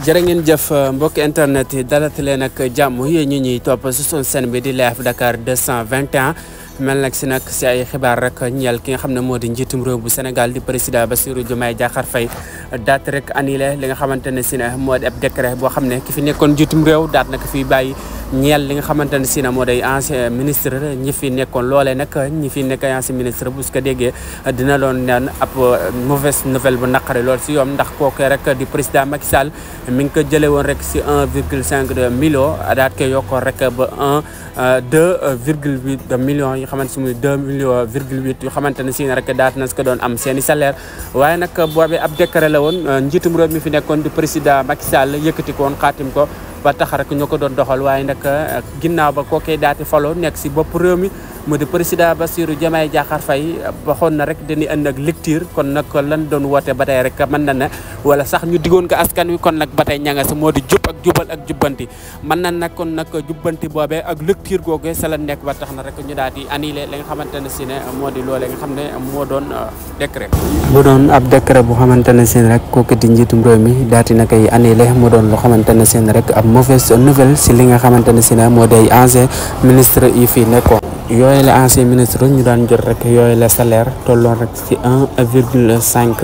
jërë ngeen jëf mbokk internet yi dalati leen ak jàmm yéen ñu ñuy top si suñu seen bi di Live Dakar 221 mel nag si nag si ay xibaar rek ñeel ki nga xam ne moo di njiitum réew bu Sénégal di président Bassirou Diomaye Diakhar fay daat rek annulé li nga xamante ne si ne moo di ab décret boo xam ne ki fi nekkoon njiitum réew daat na ko fiy bàyyi ñeel li nga xamante ne si na moo day ancien ministre ñi fi nekkoon loolee nag ñi fi nekk ancien ministre bu si ko déggee dina doon naan ab euh, mauvaise nouvelle bu naqare lool si yoom ndax kooke rek di président Macky Sall mi ngi ko jële woon rek si 1 virgule 5 de million daat ko yokkoon rek ba 1 2 euh, virgule 8 de millions yi xamante si muy 2 million virgule 8 xamante ne si rek daat na si ko doon am seen i salaire waaye nag boobee ab décret la woon euh, njiitum réew mi fi nekkoon di président Macky Sall yëkkati ko woon xaatim ko ba tax rek ñoo ko doon doxal waaye nag eh, ginnaaw ba kee daati falo nekk si bopp réew mi mu di président Bassirou Diomaye Diakhar Faye waxoon na rek dañuy ànd ak lecture kon nag lan doon woote ba tey rek mën na na wala sax ñu digoon ko askan wi kon nag ba tey ñanga moo di jub ak jubal ak jubbanti mën na nag kon nag jubbanti boobee ak lecture googe sa la nekk ba tax na rek ñu daal di annulé li nga xamante ne si ne moo di loolee nga xam moo doon euh, décret mu doon ab décret bu xamante ne seen rek kooku di njiitum réew mi daati na koy annulé mu doon lu xamante ne seen rek ab mauvaise nouvelle si li nga xamante ne si ne moo day ancien ministre yi fii nekkoon yooyu la ancien ministre ñu daan jot rek yooyu le salaire tolloon rek ci un virgule cinq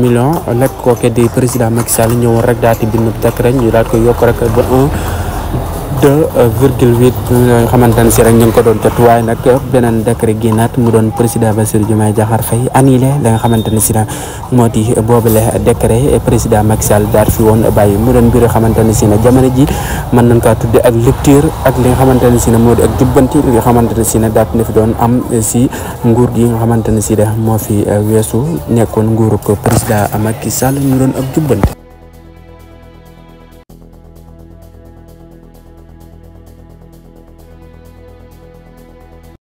million lekk kooke di président Macky Sall ñëwoon rek daal di bind tekk rek ñu daal ko yokk rek bo un 2,8 millions yoo xamante ne si rek ñu ko doon jot way nak euh, benen décret génnaat mu doon président Bassirou Diomaye Diakhar Faye annulé la nga xamantane ci si na bobu le boobule décret président Macky Sall dar fi won baye mu doon biir xamantane ci na jamono ji man nañ ko tuddé ak lecture ak li nga xamantane ci na modi ak jubbanti li nga xamantane ci na dat na doon am ci nguur gi nga xamantane ci si mo fi euh, wessu nekkon nguuruk président Macky Sall mu doon ak jubbanti